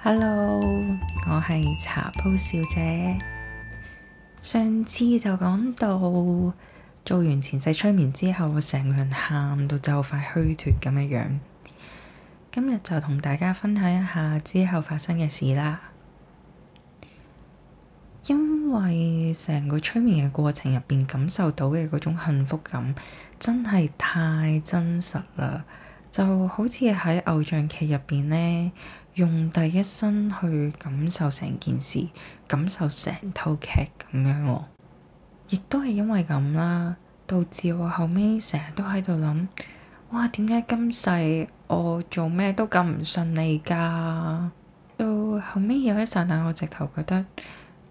Hello，我係茶鋪小姐。上次就講到做完前世催眠之後，我成個人喊到就快虛脫咁嘅樣。今日就同大家分享一下之後發生嘅事啦。因為成個催眠嘅過程入邊感受到嘅嗰種幸福感，真係太真實啦，就好似喺偶像劇入邊呢。用第一身去感受成件事，感受成套劇咁樣。哦，亦都係因為咁啦，導致我後尾成日都喺度諗，哇，點解今世我做咩都咁唔順利噶？到後尾有一剎那，我直頭覺得，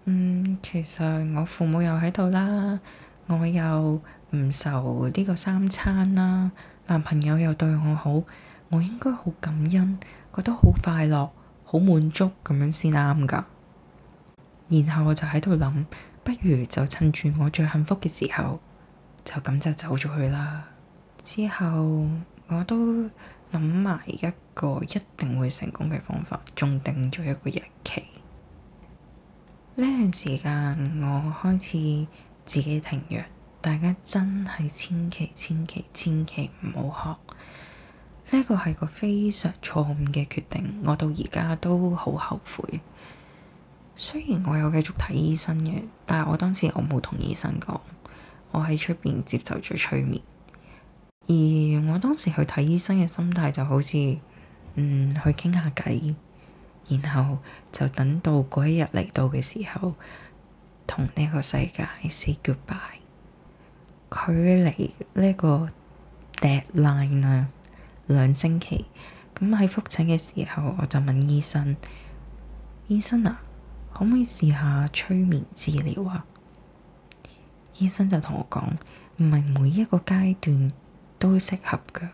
嗯，其實我父母又喺度啦，我又唔愁呢個三餐啦，男朋友又對我好，我應該好感恩。覺得好快樂、好滿足咁樣先啱噶。然後我就喺度諗，不如就趁住我最幸福嘅時候，就咁就走咗去啦。之後我都諗埋一個一定會成功嘅方法，仲定咗一個日期。呢段時間我開始自己停藥，大家真係千祈千祈千祈唔好學。呢個係個非常錯誤嘅決定，我到而家都好後悔。雖然我有繼續睇醫生嘅，但係我當時我冇同醫生講，我喺出邊接受咗催眠。而我當時去睇醫生嘅心態就好似，嗯，去傾下偈，然後就等到嗰一日嚟到嘅時候，同呢個世界 say goodbye 距、啊。距離呢個 deadline 啊兩星期，咁喺復診嘅時候，我就問醫生：醫生啊，可唔可以試下催眠治療啊？醫生就同我講，唔係每一個階段都適合㗎，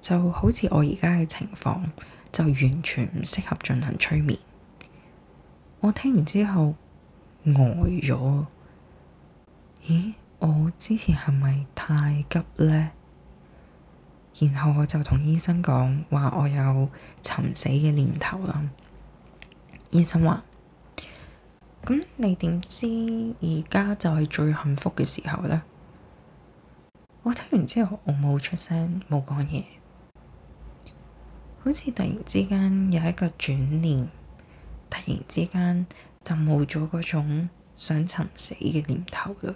就好似我而家嘅情況，就完全唔適合進行催眠。我聽完之後呆咗，咦？我之前係咪太急咧？然後我就同醫生講話，我有尋死嘅念頭啦。醫生話：咁你點知而家就係最幸福嘅時候咧？我聽完之後，我冇出聲，冇講嘢，好似突然之間有一個轉念，突然之間就冇咗嗰種想尋死嘅念頭嘞。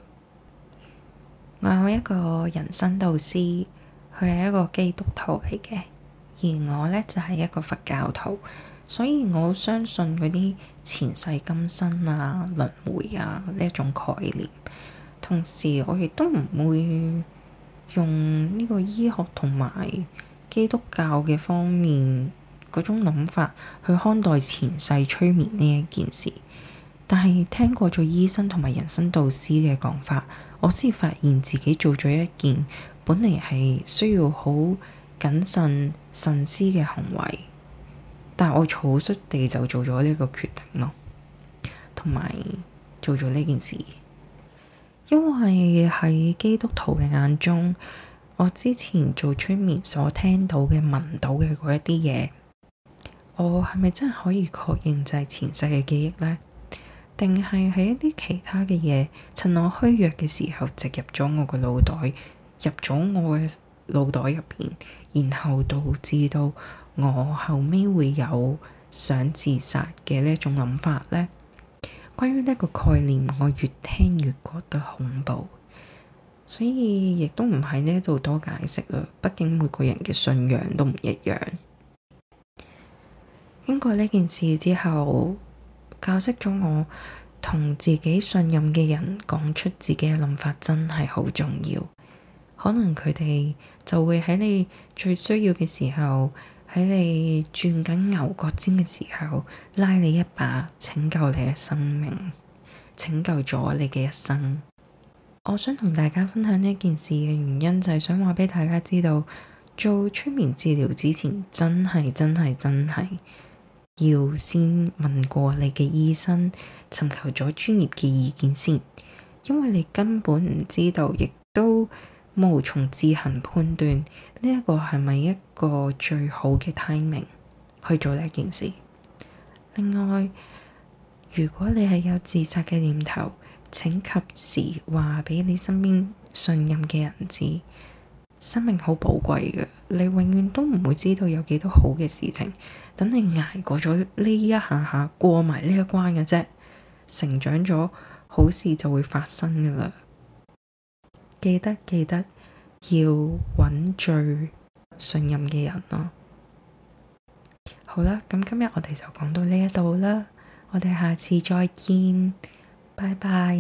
我有一個人生導師。佢係一個基督徒嚟嘅，而我呢就係一個佛教徒，所以我相信嗰啲前世今生啊、輪迴啊呢一種概念。同時，我亦都唔會用呢個醫學同埋基督教嘅方面嗰種諗法去看待前世催眠呢一件事。但係聽過咗醫生同埋人生導師嘅講法，我先發現自己做咗一件本嚟係需要好謹慎慎思嘅行為，但係我草率地就做咗呢個決定咯，同埋做咗呢件事。因為喺基督徒嘅眼中，我之前做催眠所聽到嘅、聞到嘅嗰一啲嘢，我係咪真係可以確認就係前世嘅記憶呢？定係喺一啲其他嘅嘢趁我虛弱嘅時候植入咗我個腦袋？入咗我嘅腦袋入邊，然後導致到我後尾會有想自殺嘅呢一種諗法咧。關於呢個概念，我越聽越覺得恐怖，所以亦都唔喺呢度多解釋啦。畢竟每個人嘅信仰都唔一樣。經過呢件事之後，教識咗我同自己信任嘅人講出自己嘅諗法，真係好重要。可能佢哋就會喺你最需要嘅時候，喺你轉緊牛角尖嘅時候，拉你一把，拯救你嘅生命，拯救咗你嘅一生。我想同大家分享呢件事嘅原因，就係想話畀大家知道，做催眠治療之前，真係真係真係要先問過你嘅醫生，尋求咗專業嘅意見先，因為你根本唔知道，亦都，無從自行判斷呢一個係咪一個最好嘅 timing 去做呢一件事。另外，如果你係有自殺嘅念頭，請及時話畀你身邊信任嘅人知。生命好寶貴嘅，你永遠都唔會知道有幾多好嘅事情。等你捱過咗呢一下下，過埋呢一關嘅啫，成長咗，好事就會發生噶啦。記得，記得要揾最信任嘅人囉。好啦，咁今日我哋就講到呢一度啦，我哋下次再見，拜拜。